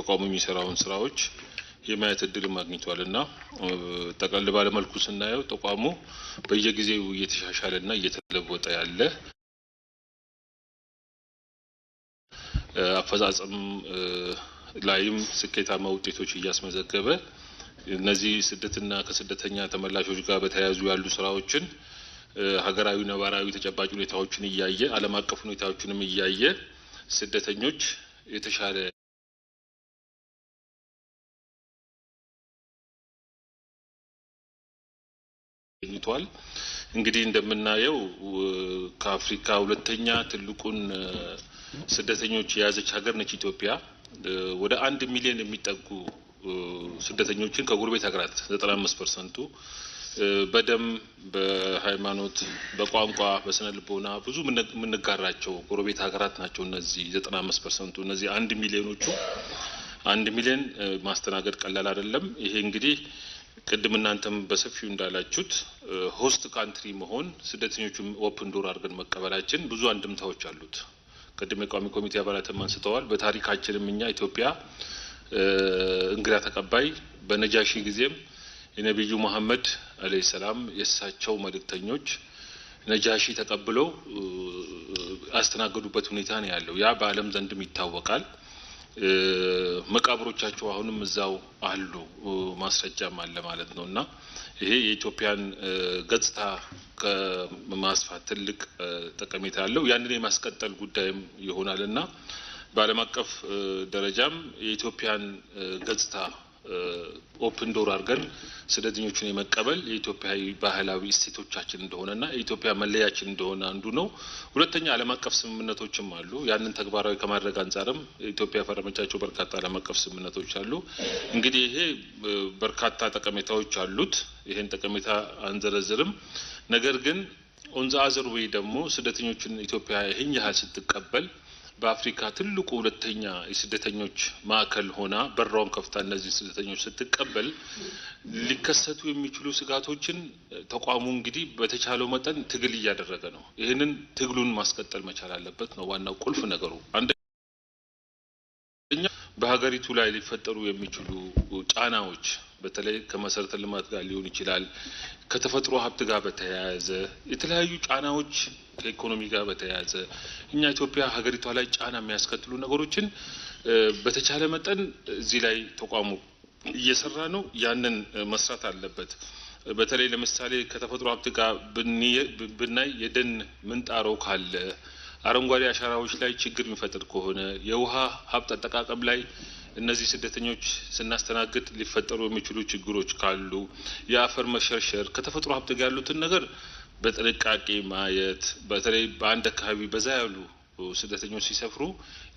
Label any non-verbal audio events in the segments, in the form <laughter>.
ተቋሙ የሚሰራውን ስራዎች የማየት እድል ማግኝቷል እና ጠቅለል ባለመልኩ ስናየው ተቋሙ በየጊዜው እየተሻሻለ እና እየተለወጠ ያለ አፈጻጸም ላይም ስኬታማ ውጤቶች እያስመዘገበ እነዚህ ስደትና ከስደተኛ ተመላሾች ጋር በተያያዙ ያሉ ስራዎችን ሀገራዊ ነባራዊ ተጨባጭ ሁኔታዎችን እያየ ዓለም አቀፍ ሁኔታዎችንም እያየ ስደተኞች የተሻለ ተገኝቷል። እንግዲህ እንደምናየው ከአፍሪካ ሁለተኛ ትልቁን ስደተኞች የያዘች ሀገር ነች ኢትዮጵያ። ወደ አንድ ሚሊዮን የሚጠጉ ስደተኞችን ከጎረቤት ሀገራት ዘጠና አምስት ፐርሰንቱ በደም፣ በሃይማኖት፣ በቋንቋ፣ በስነ ልቦና ብዙ የምንጋራቸው ጎረቤት ሀገራት ናቸው። እነዚህ ዘጠና አምስት ፐርሰንቱ እነዚህ አንድ ሚሊዮኖቹ አንድ ሚሊዮን ማስተናገድ ቀላል አይደለም። ይሄ እንግዲህ ቅድም እናንተም በሰፊው እንዳላችሁት ሆስት ካንትሪ መሆን ስደተኞቹ ኦፕን ዶር አድርገን መቀበላችን ብዙ አንድምታዎች አሉት። ቅድም የቋሚ ኮሚቴ አባላትም አንስተዋል። በታሪካችንም እኛ ኢትዮጵያ እንግዳ ተቀባይ በነጃሺ ጊዜም የነቢዩ መሐመድ አለይሂ ሰላም የእሳቸው መልእክተኞች ነጃሺ ተቀብለው ያስተናገዱበት ሁኔታ ነው ያለው። ያ በዓለም ዘንድም ይታወቃል። መቃብሮቻቸው አሁንም እዛው አሉ፣ ማስረጃም አለ ማለት ነው እና ይሄ የኢትዮጵያን ገጽታ ከማስፋት ትልቅ ጠቀሜታ አለው። ያንን የማስቀጠል ጉዳይም ይሆናል እና በዓለም አቀፍ ደረጃም የኢትዮጵያን ገጽታ ኦፕን ዶር አድርገን ስደተኞቹን የመቀበል የኢትዮጵያ ባህላዊ እሴቶቻችን እንደሆነና የኢትዮጵያ መለያችን እንደሆነ አንዱ ነው። ሁለተኛ ዓለም አቀፍ ስምምነቶችም አሉ። ያንን ተግባራዊ ከማድረግ አንጻርም ኢትዮጵያ ፈረመቻቸው በርካታ ዓለም አቀፍ ስምምነቶች አሉ። እንግዲህ ይሄ በርካታ ጠቀሜታዎች አሉት። ይሄን ጠቀሜታ አንዘረዝርም። ነገር ግን ኦን አዘር ወይ ደግሞ ስደተኞችን ኢትዮጵያ ይህን ያህል ስትቀበል በአፍሪካ ትልቁ ሁለተኛ የስደተኞች ማዕከል ሆና በራውን ከፍታ እነዚህ ስደተኞች ስትቀበል ሊከሰቱ የሚችሉ ስጋቶችን ተቋሙ እንግዲህ በተቻለው መጠን ትግል እያደረገ ነው። ይህንን ትግሉን ማስቀጠል መቻል አለበት ነው ዋናው ቁልፍ ነገሩ። በሀገሪቱ ላይ ሊፈጠሩ የሚችሉ ጫናዎች በተለይ ከመሰረተ ልማት ጋር ሊሆን ይችላል፣ ከተፈጥሮ ሀብት ጋር በተያያዘ የተለያዩ ጫናዎች ከኢኮኖሚ ጋር በተያያዘ እኛ ኢትዮጵያ ሀገሪቷ ላይ ጫና የሚያስከትሉ ነገሮችን በተቻለ መጠን እዚህ ላይ ተቋሙ እየሰራ ነው። ያንን መስራት አለበት። በተለይ ለምሳሌ ከተፈጥሮ ሀብት ጋር ብናይ የደን ምንጣሮ ካለ አረንጓዴ አሻራዎች ላይ ችግር የሚፈጥር ከሆነ የውሃ ሀብት አጠቃቀም ላይ እነዚህ ስደተኞች ስናስተናግድ ሊፈጠሩ የሚችሉ ችግሮች ካሉ የአፈር መሸርሸር ከተፈጥሮ ሀብት ጋር ያሉትን ነገር በጥንቃቄ ማየት በተለይ በአንድ አካባቢ በዛ ያሉ ስደተኞች ሲሰፍሩ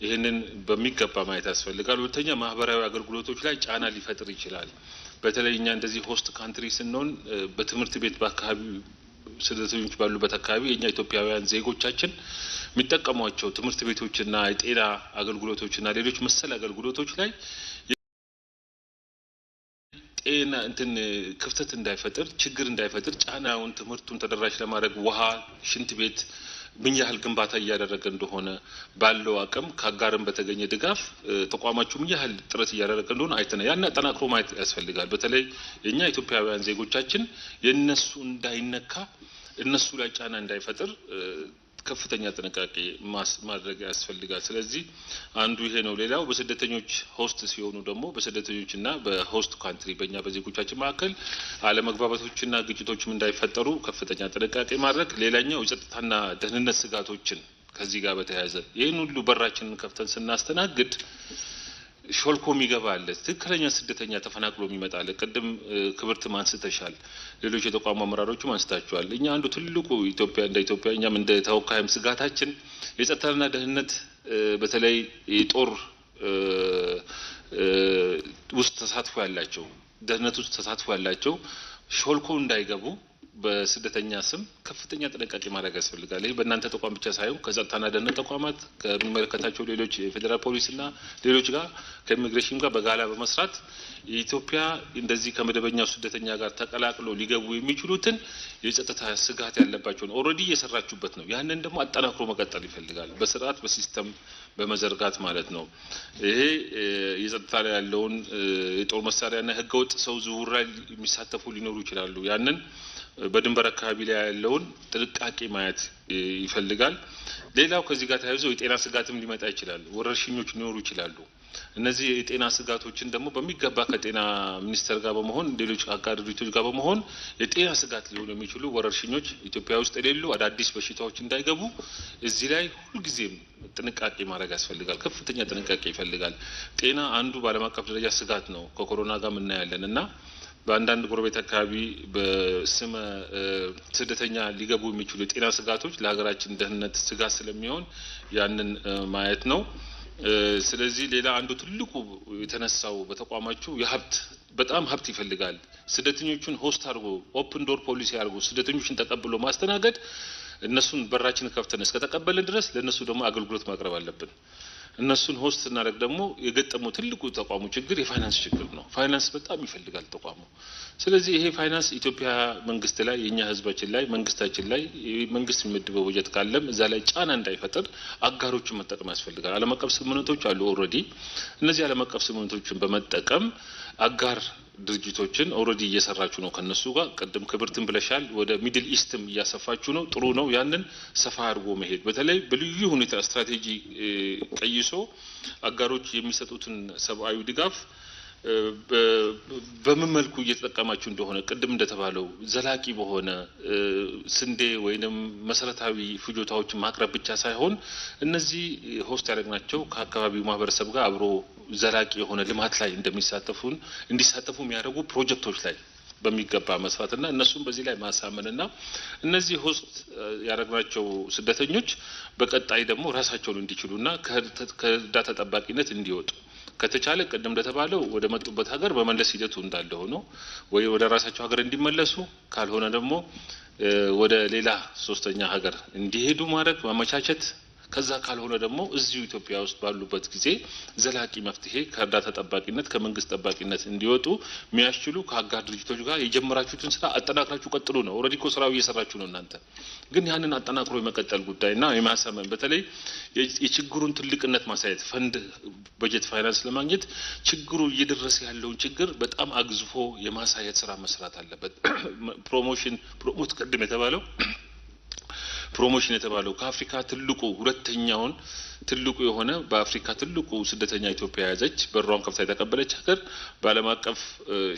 ይህንን በሚገባ ማየት ያስፈልጋል። ሁለተኛ ማህበራዊ አገልግሎቶች ላይ ጫና ሊፈጥር ይችላል። በተለይ እኛ እንደዚህ ሆስት ካንትሪ ስንሆን በትምህርት ቤት በአካባቢ ስደተኞች ባሉበት አካባቢ የእኛ ኢትዮጵያውያን ዜጎቻችን የሚጠቀሟቸው ትምህርት ቤቶችና የጤና አገልግሎቶችና ሌሎች መሰል አገልግሎቶች ላይ ጤና እንትን ክፍተት እንዳይፈጥር ችግር እንዳይፈጥር ጫናውን ትምህርቱን ተደራሽ ለማድረግ ውሃ፣ ሽንት ቤት ምን ያህል ግንባታ እያደረገ እንደሆነ ባለው አቅም ከአጋርም በተገኘ ድጋፍ ተቋማችሁ ምን ያህል ጥረት እያደረገ እንደሆነ አይተነ ያን አጠናክሮ ማየት ያስፈልጋል። በተለይ የእኛ ኢትዮጵያውያን ዜጎቻችን የእነሱ እንዳይነካ እነሱ ላይ ጫና እንዳይፈጥር ከፍተኛ ጥንቃቄ ማድረግ ያስፈልጋል። ስለዚህ አንዱ ይሄ ነው። ሌላው በስደተኞች ሆስት ሲሆኑ ደግሞ በስደተኞችና በሆስት ካንትሪ በእኛ በዜጎቻችን መካከል አለመግባባቶችና ግጭቶችም እንዳይፈጠሩ ከፍተኛ ጥንቃቄ ማድረግ፣ ሌላኛው የጸጥታና ደህንነት ስጋቶችን ከዚህ ጋር በተያያዘ ይህን ሁሉ በራችንን ከፍተን ስናስተናግድ ሾልኮ የሚገባ አለ። ትክክለኛ ስደተኛ ተፈናቅሎ የሚመጣ አለ። ቅድም ክብርት አንስተሻል፣ ሌሎች የተቋሙ አመራሮችም አንስታችኋል። እኛ አንዱ ትልቁ ኢትዮጵያ እንደ ኢትዮጵያ እኛም እንደ ተወካይም ስጋታችን የጸጥታና ደህንነት በተለይ የጦር ውስጥ ተሳትፎ ያላቸው ደህንነት ውስጥ ተሳትፎ ያላቸው ሾልኮ እንዳይገቡ በስደተኛ ስም ከፍተኛ ጥንቃቄ ማድረግ ያስፈልጋል። ይህ በእናንተ ተቋም ብቻ ሳይሆን ከጸጥታና ደህንነት ተቋማት ከሚመለከታቸው ሌሎች የፌዴራል ፖሊስና ሌሎች ጋር ከኢሚግሬሽን ጋር በጋላ በመስራት የኢትዮጵያ እንደዚህ ከመደበኛው ስደተኛ ጋር ተቀላቅሎ ሊገቡ የሚችሉትን የጸጥታ ስጋት ያለባቸውን ኦልሬዲ እየሰራችሁበት ነው። ያንን ደግሞ አጠናክሮ መቀጠል ይፈልጋል። በስርዓት በሲስተም በመዘርጋት ማለት ነው። ይሄ የጸጥታ ላይ ያለውን የጦር መሳሪያና ህገወጥ ሰው ዝውውር ላይ የሚሳተፉ ሊኖሩ ይችላሉ። ያንን በድንበር አካባቢ ላይ ያለውን ጥንቃቄ ማየት ይፈልጋል። ሌላው ከዚህ ጋር ተያይዞ የጤና ስጋትም ሊመጣ ይችላል። ወረርሽኞች ሊኖሩ ይችላሉ። እነዚህ የጤና ስጋቶችን ደግሞ በሚገባ ከጤና ሚኒስቴር ጋር በመሆን ሌሎች አጋር ድርጅቶች ጋር በመሆን የጤና ስጋት ሊሆኑ የሚችሉ ወረርሽኞች ኢትዮጵያ ውስጥ የሌሉ አዳዲስ በሽታዎች እንዳይገቡ እዚህ ላይ ሁልጊዜም ጥንቃቄ ማድረግ ያስፈልጋል። ከፍተኛ ጥንቃቄ ይፈልጋል። ጤና አንዱ በዓለም አቀፍ ደረጃ ስጋት ነው። ከኮሮና ጋር እናያለን እና በአንዳንድ ጎረቤት አካባቢ በስመ ስደተኛ ሊገቡ የሚችሉ የጤና ስጋቶች ለሀገራችን ደህንነት ስጋት ስለሚሆን ያንን ማየት ነው። ስለዚህ ሌላ አንዱ ትልቁ የተነሳው በተቋማችሁ የሀብት በጣም ሀብት ይፈልጋል። ስደተኞቹን ሆስት አድርጎ ኦፕን ዶር ፖሊሲ አድርጎ ስደተኞችን ተቀብሎ ማስተናገድ እነሱን በራችን ከፍተን እስከተቀበልን ድረስ ለእነሱ ደግሞ አገልግሎት ማቅረብ አለብን። እነሱን ሆስት ስናደርግ ደግሞ የገጠመው ትልቁ ተቋሙ ችግር የፋይናንስ ችግር ነው። ፋይናንስ በጣም ይፈልጋል ተቋሙ። ስለዚህ ይሄ ፋይናንስ ኢትዮጵያ መንግስት ላይ የእኛ ህዝባችን ላይ መንግስታችን ላይ መንግስት የሚመድበው በጀት ካለም እዛ ላይ ጫና እንዳይፈጠር አጋሮችን መጠቀም ያስፈልጋል። ዓለም አቀፍ ስምምነቶች አሉ ኦልሬዲ። እነዚህ ዓለም አቀፍ ስምምነቶችን በመጠቀም አጋር ድርጅቶችን ኦልሬዲ እየሰራችሁ ነው ከነሱ ጋር። ቅድም ክብርትን ብለሻል። ወደ ሚድል ኢስትም እያሰፋችሁ ነው። ጥሩ ነው። ያንን ሰፋ አድርጎ መሄድ በተለይ በልዩ ሁኔታ ስትራቴጂ ቀይሶ አጋሮች የሚሰጡትን ሰብአዊ ድጋፍ በምን መልኩ እየተጠቀማችሁ እንደሆነ ቅድም እንደተባለው ዘላቂ በሆነ ስንዴ ወይንም መሰረታዊ ፍጆታዎችን ማቅረብ ብቻ ሳይሆን እነዚህ ሆስት ናቸው ከአካባቢው ማህበረሰብ ጋር አብሮ ዘላቂ የሆነ ልማት ላይ እንደሚሳተፉን እንዲሳተፉ የሚያደርጉ ፕሮጀክቶች ላይ በሚገባ እና እነሱም በዚህ ላይ ማሳመንና እነዚህ ሆስት ያደረግናቸው ስደተኞች በቀጣይ ደግሞ ራሳቸውን እንዲችሉና ከእርዳታ ጠባቂነት እንዲወጡ ከተቻለ ቅድም እንደተባለው ወደ መጡበት ሀገር በመለስ ሂደቱ እንዳለ ሆኖ ወይ ወደ ራሳቸው ሀገር እንዲመለሱ ካልሆነ ደግሞ ወደ ሌላ ሶስተኛ ሀገር እንዲሄዱ ማድረግ ማመቻቸት ከዛ ካልሆነ ደግሞ እዚሁ ኢትዮጵያ ውስጥ ባሉበት ጊዜ ዘላቂ መፍትሄ ከእርዳታ ጠባቂነት ከመንግስት ጠባቂነት እንዲወጡ የሚያስችሉ ከአጋር ድርጅቶች ጋር የጀመራችሁትን ስራ አጠናክራችሁ ቀጥሉ ነው። ኦልሬዲ እኮ ስራው እየሰራችሁ ነው። እናንተ ግን ያንን አጠናክሮ የመቀጠል ጉዳይና የማሰመን በተለይ የችግሩን ትልቅነት ማሳየት ፈንድ በጀት ፋይናንስ ለማግኘት ችግሩ እየደረሰ ያለውን ችግር በጣም አግዝፎ የማሳየት ስራ መስራት አለበት። <clears throat> ፕሮሞሽን ፕሮሞት ቅድም የተባለው ፕሮሞሽን የተባለው ከአፍሪካ ትልቁ ሁለተኛውን ትልቁ የሆነ በአፍሪካ ትልቁ ስደተኛ ኢትዮጵያ የያዘች በሯን ከፍታ የተቀበለች ሀገር በዓለም አቀፍ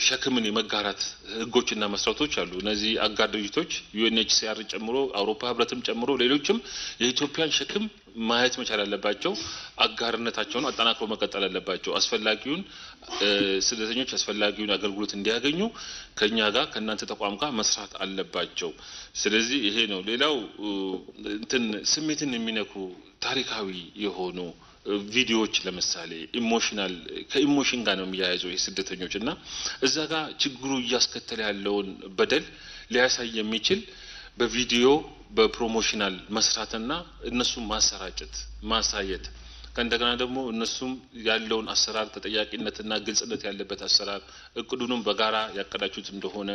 ሸክምን የመጋራት ህጎችና መስራቶች አሉ። እነዚህ አጋር ድርጅቶች ዩኤንኤችሲአር ጨምሮ አውሮፓ ህብረትም ጨምሮ ሌሎችም የኢትዮጵያን ሸክም ማየት መቻል አለባቸው። አጋርነታቸውን አጠናክሮ መቀጠል አለባቸው። አስፈላጊውን ስደተኞች አስፈላጊውን አገልግሎት እንዲያገኙ ከኛ ጋር ከእናንተ ተቋም ጋር መስራት አለባቸው። ስለዚህ ይሄ ነው። ሌላው እንትን ስሜትን የሚነኩ ታሪካዊ የሆኑ ቪዲዮዎች ለምሳሌ ኢሞሽናል ከኢሞሽን ጋር ነው የሚያያዘው ይህ ስደተኞች እና እዛ ጋር ችግሩ እያስከተለ ያለውን በደል ሊያሳይ የሚችል በቪዲዮ በፕሮሞሽናል መስራትና እነሱን ማሰራጨት ማሳየት ከእንደገና ደግሞ እነሱም ያለውን አሰራር ተጠያቂነትና ግልጽነት ያለበት አሰራር እቅዱንም በጋራ ያቀዳችሁት እንደሆነ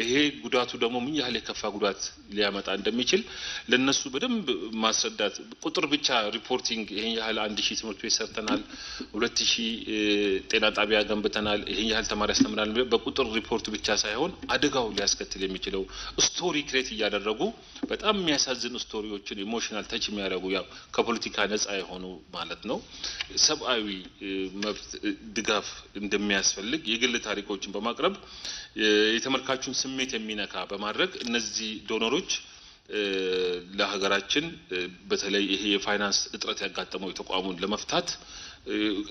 ይሄ ጉዳቱ ደግሞ ምን ያህል የከፋ ጉዳት ሊያመጣ እንደሚችል ለእነሱ በደንብ ማስረዳት ቁጥር ብቻ ሪፖርቲንግ ይህን ያህል አንድ ሺህ ትምህርት ቤት ሰርተናል፣ ሁለት ሺህ ጤና ጣቢያ ገንብተናል፣ ይህን ያህል ተማሪ ያስተምናል በቁጥር ሪፖርት ብቻ ሳይሆን አደጋው ሊያስከትል የሚችለው ስቶሪ ክሬት እያደረጉ በጣም የሚያሳዝን ስቶሪዎችን ኢሞሽናል ተች የሚያደረጉ ያው ከፖለቲካ ነጻ የሆኑ ማለት ማለት ነው ሰብአዊ መብት ድጋፍ እንደሚያስፈልግ የግል ታሪኮችን በማቅረብ የተመልካቹን ስሜት የሚነካ በማድረግ እነዚህ ዶኖሮች ለሀገራችን በተለይ ይሄ የፋይናንስ እጥረት ያጋጠመው ተቋሙን ለመፍታት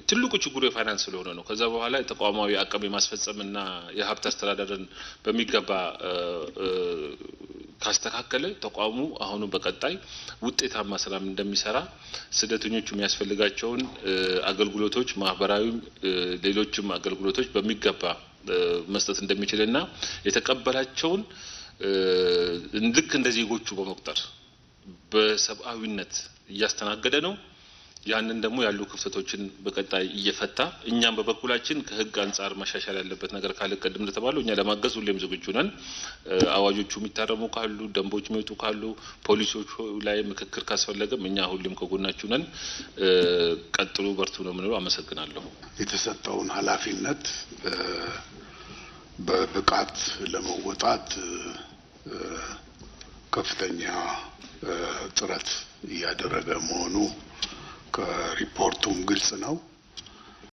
ትልቁ ችግሩ የፋይናንስ ስለሆነ ነው። ከዛ በኋላ የተቋማዊ አቅም የማስፈጸምና የሀብት አስተዳደርን በሚገባ ካስተካከለ ተቋሙ አሁኑ በቀጣይ ውጤታማ ስራም እንደሚሰራ ስደተኞቹ የሚያስፈልጋቸውን አገልግሎቶች ማህበራዊም፣ ሌሎችም አገልግሎቶች በሚገባ መስጠት እንደሚችል እና የተቀበላቸውን ልክ እንደ ዜጎቹ በመቁጠር በሰብአዊነት እያስተናገደ ነው። ያንን ደግሞ ያሉ ክፍተቶችን በቀጣይ እየፈታ እኛም በበኩላችን ከህግ አንጻር መሻሻል ያለበት ነገር ካለ ቀድም እንደተባለው እኛ ለማገዝ ሁሌም ዝግጁ ነን። አዋጆቹ የሚታረሙ ካሉ፣ ደንቦች የሚወጡ ካሉ፣ ፖሊሲዎቹ ላይ ምክክር ካስፈለገም እኛ ሁሌም ከጎናችሁ ነን። ቀጥሉ፣ በርቱ ነው የምንለው። አመሰግናለሁ። የተሰጠውን ኃላፊነት በብቃት ለመወጣት ከፍተኛ ጥረት እያደረገ መሆኑ ከሪፖርቱም ግልጽ ነው።